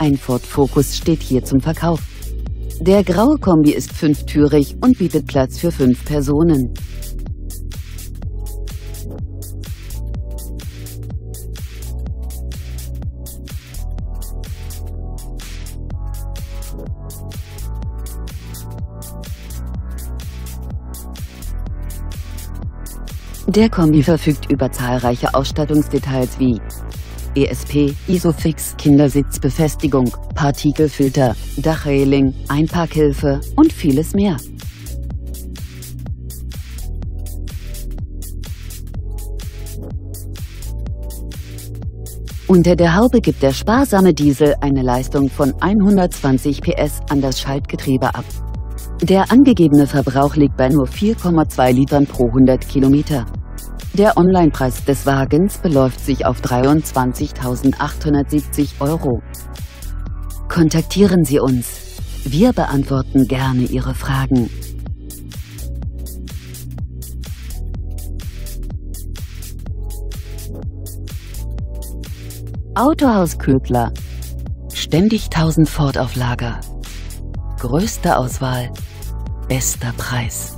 Ein Ford Focus steht hier zum Verkauf. Der graue Kombi ist fünftürig und bietet Platz für fünf Personen. Der Kombi verfügt über zahlreiche Ausstattungsdetails wie ESP, Isofix, Kindersitzbefestigung, Partikelfilter, Dachreling, Einparkhilfe und vieles mehr. Unter der Haube gibt der sparsame Diesel eine Leistung von 120 PS an das Schaltgetriebe ab. Der angegebene Verbrauch liegt bei nur 4,2 Litern pro 100 Kilometer. Der Onlinepreis des Wagens beläuft sich auf 23.870 Euro. Kontaktieren Sie uns. Wir beantworten gerne Ihre Fragen. Autohaus Köbler. Ständig 1000 Ford auf Lager. Größte Auswahl, bester Preis.